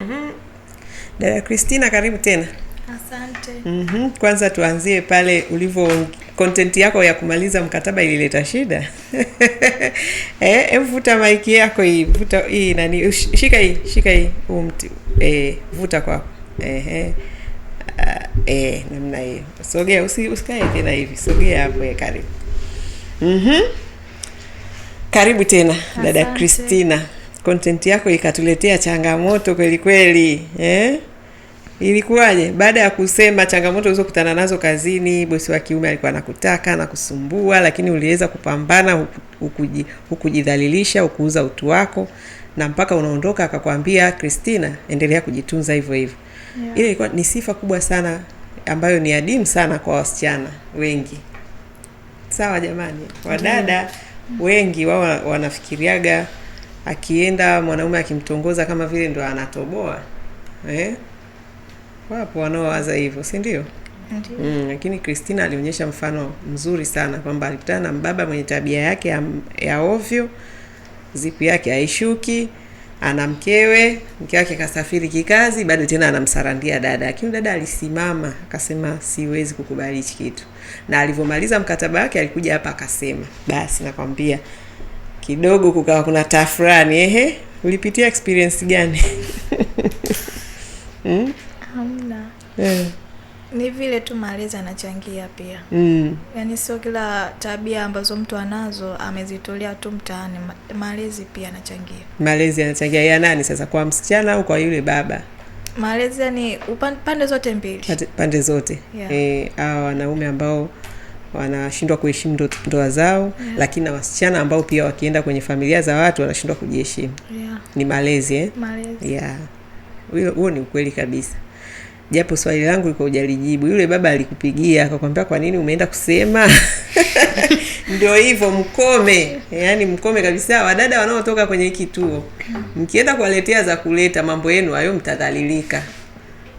Mm-hmm. Dada Christina karibu tena. Asante. Mm-hmm. Kwanza tuanzie pale ulivyo content yako ya kumaliza mkataba ilileta shida. Eh, e, maiki yako hii, mvuta hii nani, shika hii, shika hii huu mti. Eh, vuta kwa. Ehe. Ah, eh, namna hiyo. Sogea, usi, usikae tena hivi. Sogea hapo ya eh, karibu. Mhm. Karibu tena Asante. Dada Christina content yako ikatuletea changamoto kweli kweli, eh? Ilikuwaje? Baada ya kusema changamoto ulizokutana nazo kazini, bosi wa kiume alikuwa anakutaka na kusumbua, lakini uliweza kupambana, hukujidhalilisha, hukuuza utu wako, na mpaka unaondoka akakwambia, kristina endelea kujitunza hivyo hivyo. Yeah. Ile ilikuwa ni sifa kubwa sana ambayo ni adimu sana kwa wasichana wengi. Sawa jamani, wadada wengi wao wanafikiriaga akienda mwanaume akimtongoza kama vile ndo anatoboa eh? Wapo wanaowaza hivyo, si ndio? Mm, lakini kristina alionyesha mfano mzuri sana kwamba alikutana na mbaba mwenye tabia yake ya, ya ovyo, zipu yake haishuki, ana mkewe, mke wake kasafiri kikazi, bado tena anamsarandia dada. Lakini dada alisimama akasema, siwezi kukubali hichi kitu, na alivyomaliza mkataba wake alikuja hapa akasema, basi nakwambia kidogo kukawa kuna tafrani. Ehe, ulipitia experience gani? hmm? Eh. Ni vile tu malezi anachangia pia mm. Yaani sio kila tabia ambazo mtu anazo amezitolea tu mtaani, malezi pia anachangia. Malezi yanachangia ya nani sasa, kwa msichana au kwa yule baba? Malezi yani upande pande zote mbili, pande zote eh, hawa yeah. E, wanaume ambao wanashindwa kuheshimu ndoa zao yeah. Lakini na wasichana ambao pia wakienda kwenye familia za watu wanashindwa kujiheshimu yeah. Ni malezi eh? Malezi. Yeah. Huo ni ukweli kabisa, japo swali langu liko hujalijibu. Yule baba alikupigia akakwambia kwa nini umeenda kusema? Ndio hivyo, mkome, yaani mkome kabisa. Wadada wanaotoka kwenye kituo, mkienda kuwaletea za kuleta mambo yenu hayo, mtadhalilika,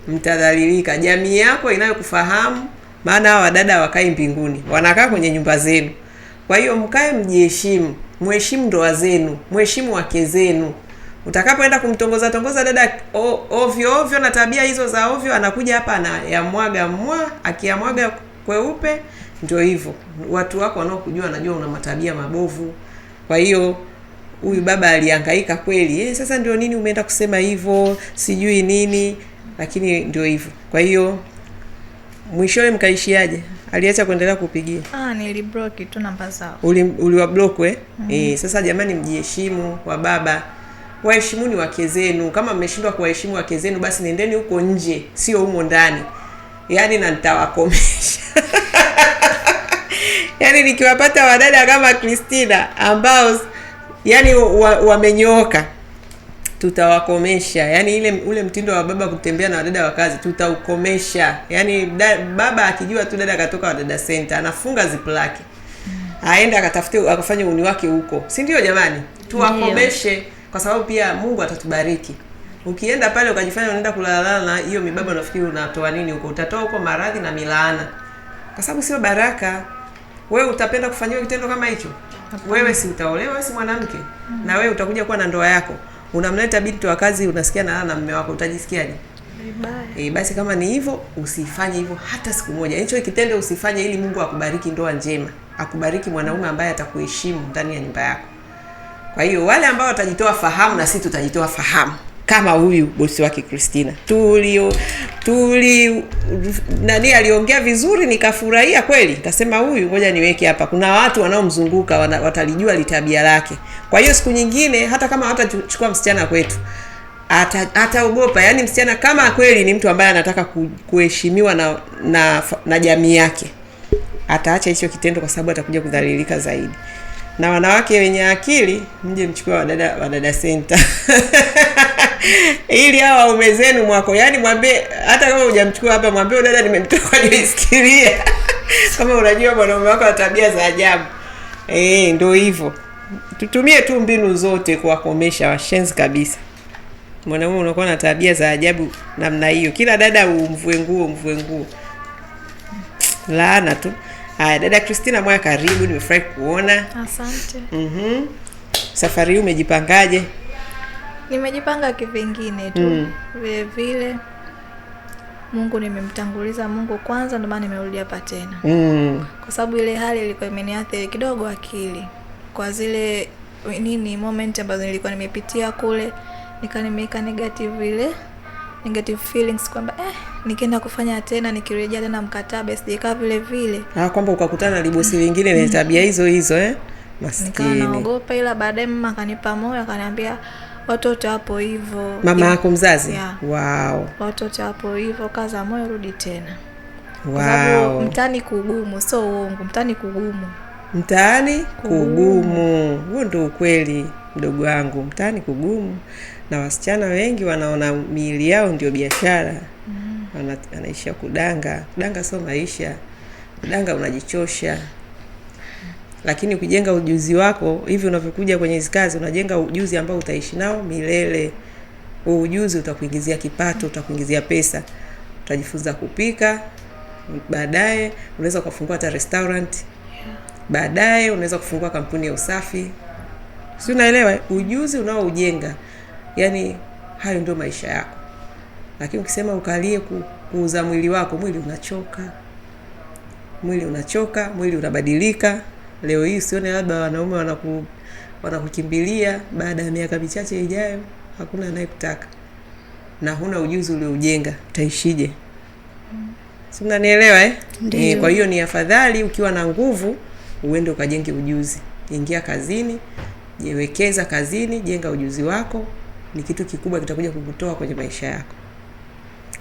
mtadhalilika. Jamii yako inayokufahamu maana hawa wadada wakai mbinguni, wanakaa kwenye nyumba zenu. Kwa hiyo mkae, mjiheshimu, mheshimu ndoa zenu, mheshimu wake zenu. Utakapoenda kumtongoza tongoza dada ovyo ovyo na tabia hizo za ovyo, anakuja hapa anayamwaga mwa, akiyamwaga kweupe, ndio hivyo. Watu wako wanaokujua wanajua una matabia mabovu. Kwa hiyo huyu baba alihangaika kweli. Eh, sasa ndio nini umeenda kusema hivyo, sijui nini, lakini ndio hivyo. Kwa hiyo Mwishowe mkaishiaje? Aliacha kuendelea kupigia? Ah, nilibloki tu namba zao. Uli, uliwablock mhm. eh? Mm -hmm. E, sasa jamani mjiheshimu wa baba. Waheshimuni wake zenu. Kama mmeshindwa kuwaheshimu wake zenu basi nendeni huko nje, sio humo ndani. Yaani na nitawakomesha. Yaani nikiwapata wadada kama Christina ambao yani wamenyooka wa tutawakomesha. Yani ile ule mtindo wa baba kutembea na wadada wa kazi tutaukomesha. Yani da, baba akijua tu dada akatoka Wadada Center anafunga zipu lake aenda akatafute akafanye uni wake huko, si ndio? Jamani, tuwakomeshe kwa sababu pia Mungu atatubariki. Ukienda pale ukajifanya unaenda kulala na hiyo mibaba, unafikiri unatoa nini huko? Utatoa huko maradhi na milaana, kwa sababu sio baraka. Wewe utapenda kufanyiwa kitendo kama hicho? Wewe si utaolewa, si mwanamke na wewe utakuja kuwa na ndoa yako unamleta binti wa kazi, unasikia na na mume wako, utajisikiaje? E, basi kama ni hivyo usifanye hivyo hata siku moja. Hicho kitendo usifanye, ili Mungu akubariki ndoa njema, akubariki mwanaume ambaye atakuheshimu ndani ya nyumba yako. Kwa hiyo wale ambao watajitoa fahamu, na sisi tutajitoa fahamu kama huyu bosi wake Christina. Tuli tuli nani aliongea vizuri, nikafurahia kweli, nikasema huyu ngoja niweke hapa, kuna watu wanaomzunguka wana, watalijua litabia lake. Kwa hiyo siku nyingine hata kama hatachukua msichana kwetu ataogopa ata, yaani msichana kama kweli ni mtu ambaye anataka kuheshimiwa na, na, na jamii yake ataacha hicho kitendo, kwa sababu atakuja kudhalilika zaidi. Na wanawake wenye akili, mje mchukue Wadada Wadada Center ili hawa waume zenu mwako, yaani mwambie, hata kama hujamchukua hapa, mwambie dada, nimemtoa kwa jisikiria kama unajua mwanaume wako ana tabia za ajabu eh, ndio hivyo. Tutumie tu mbinu zote kuwakomesha washenzi kabisa. Mwanaume unakuwa na tabia za ajabu namna hiyo, kila dada umvue nguo, umvue nguo, laana tu. Haya, dada Christina Mwaya, karibu, nimefurahi kuona. Asante. mm -hmm. Safari hii umejipangaje? nimejipanga kivingine tu hmm. vile mm. vile Mungu nimemtanguliza Mungu kwanza, ndio maana nimerudi hapa tena mm. kwa sababu ile hali ilikuwa imeniathiri kidogo akili kwa zile nini moment ambazo nilikuwa nimepitia kule, nika nimeika negative ile negative feelings kwamba eh, nikienda kufanya tena nikirejea tena mkataba sijakaa vile vile, ah, kwamba ukakutana na libosi wengine wenye tabia hizo hizo eh, maskini nikaanaogopa, ila baadaye mama akanipa moyo akaniambia watoto hapo hivyo. Mama yako mzazi? Yeah. Wow. Watoto hapo hivyo, kaza moyo, rudi tena. Wow. mtani mtaani kugumu, sio uongo, mtani kugumu. Mtaani kugumu, huo ndio ukweli mdogo wangu, mtaani kugumu, na wasichana wengi wanaona miili yao ndio biashara. Mm. wanaishia kudanga. Kudanga sio maisha, kudanga unajichosha lakini ukijenga ujuzi wako hivi unavyokuja kwenye hizi kazi, unajenga ujuzi ambao utaishi nao milele. Huo ujuzi utakuingizia kipato, utakuingizia pesa, utajifunza kupika, baadaye unaweza ukafungua hata restaurant, baadaye unaweza kufungua kampuni ya usafi, si unaelewa? Ujuzi unaoujenga yani, hayo ndio maisha yako. Lakini ukisema ukalie kuuza mwili wako, mwili unachoka, mwili unachoka, mwili unabadilika leo hii usione labda wanaume wanaku wanakukimbilia baada ya miaka michache ijayo, hakuna anayekutaka na huna ujuzi uliojenga, utaishije? Si mnanielewa eh? E, kwa hiyo ni afadhali ukiwa na nguvu uende ukajenge ujuzi. Ingia kazini, jiwekeza kazini, jenga ujuzi wako, ni kitu kikubwa kitakuja kukutoa kwenye maisha yako.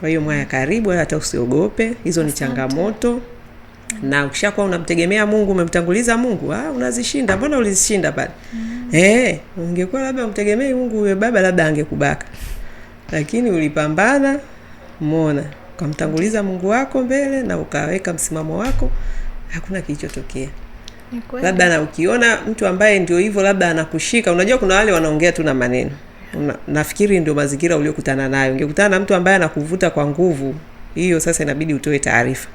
Kwa hiyo Mwaya, karibu, hata usiogope, hizo ni changamoto na ukishakuwa unamtegemea Mungu, umemtanguliza Mungu, ah, unazishinda. Mbona ulizishinda pale? mm. Eh, ungekuwa labda umtegemei Mungu huyo baba labda angekubaka, lakini ulipambana, umeona, ukamtanguliza Mungu wako mbele na ukaweka msimamo wako, hakuna kilichotokea. Labda na ukiona mtu ambaye ndio hivyo labda anakushika, unajua kuna wale wanaongea tu na maneno una, nafikiri ndio mazingira uliokutana nayo. Ungekutana na mtu ambaye anakuvuta kwa nguvu, hiyo sasa inabidi utoe taarifa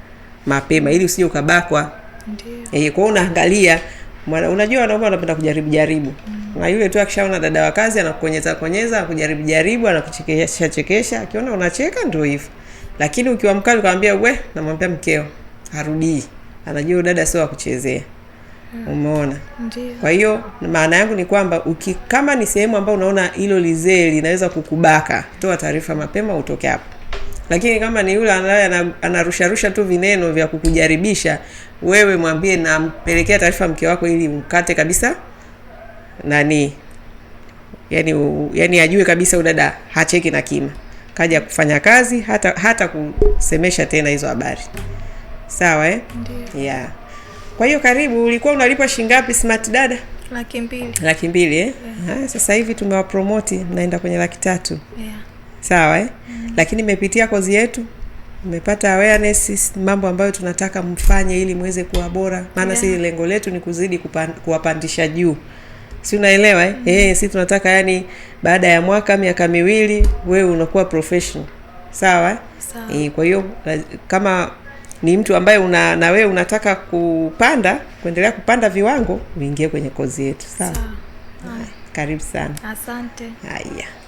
mapema ili usije ukabakwa. Ndio. Eh, kwa unaangalia mwana, unajua wanaume wanapenda kujaribu jaribu. Mm. Na yule tu akishaona dada wa kazi anakukonyeza konyeza, kujaribu jaribu, anakuchekesha chekesha, akiona unacheka ndio hivyo. Lakini ukiwa mkali ukamwambia we, namwambia mkeo harudii. Anajua dada sio kuchezea. Mm. Umeona? Ndio. Kwa hiyo maana yangu ni kwamba uki, kama ni sehemu ambayo unaona hilo lizee linaweza kukubaka, toa taarifa mapema utoke hapo lakini kama ni yule anaye anarusharusha tu vineno vya kukujaribisha wewe, mwambie nampelekea taarifa mke wako, ili mkate kabisa nani, yani, yani ajue kabisa udada hacheki na kima, kaja kufanya kazi, hata hata kusemesha tena hizo habari. Sawa eh? Yeah. Kwa hiyo karibu, ulikuwa unalipwa shilingi smart dada? Laki mbili. Laki mbili eh? Yeah. Ah, sasa hivi tumewapromoti mnaenda kwenye laki tatu. Yeah sawa eh? mm. Lakini imepitia kozi yetu mmepata awareness mambo ambayo tunataka mfanye ili muweze kuwa bora, maana yeah. si lengo letu ni kuzidi kuwapandisha juu, si unaelewa eh? mm. Eh, si tunataka yani, baada ya mwaka miaka miwili wewe unakuwa professional sawa, eh? sawa. Eh, kwa hiyo eh, kama ni mtu ambaye una, na wewe unataka kupanda kuendelea kupanda viwango, uingie kwenye kozi yetu sawa. Sawa. Karibu sana, asante. Haya.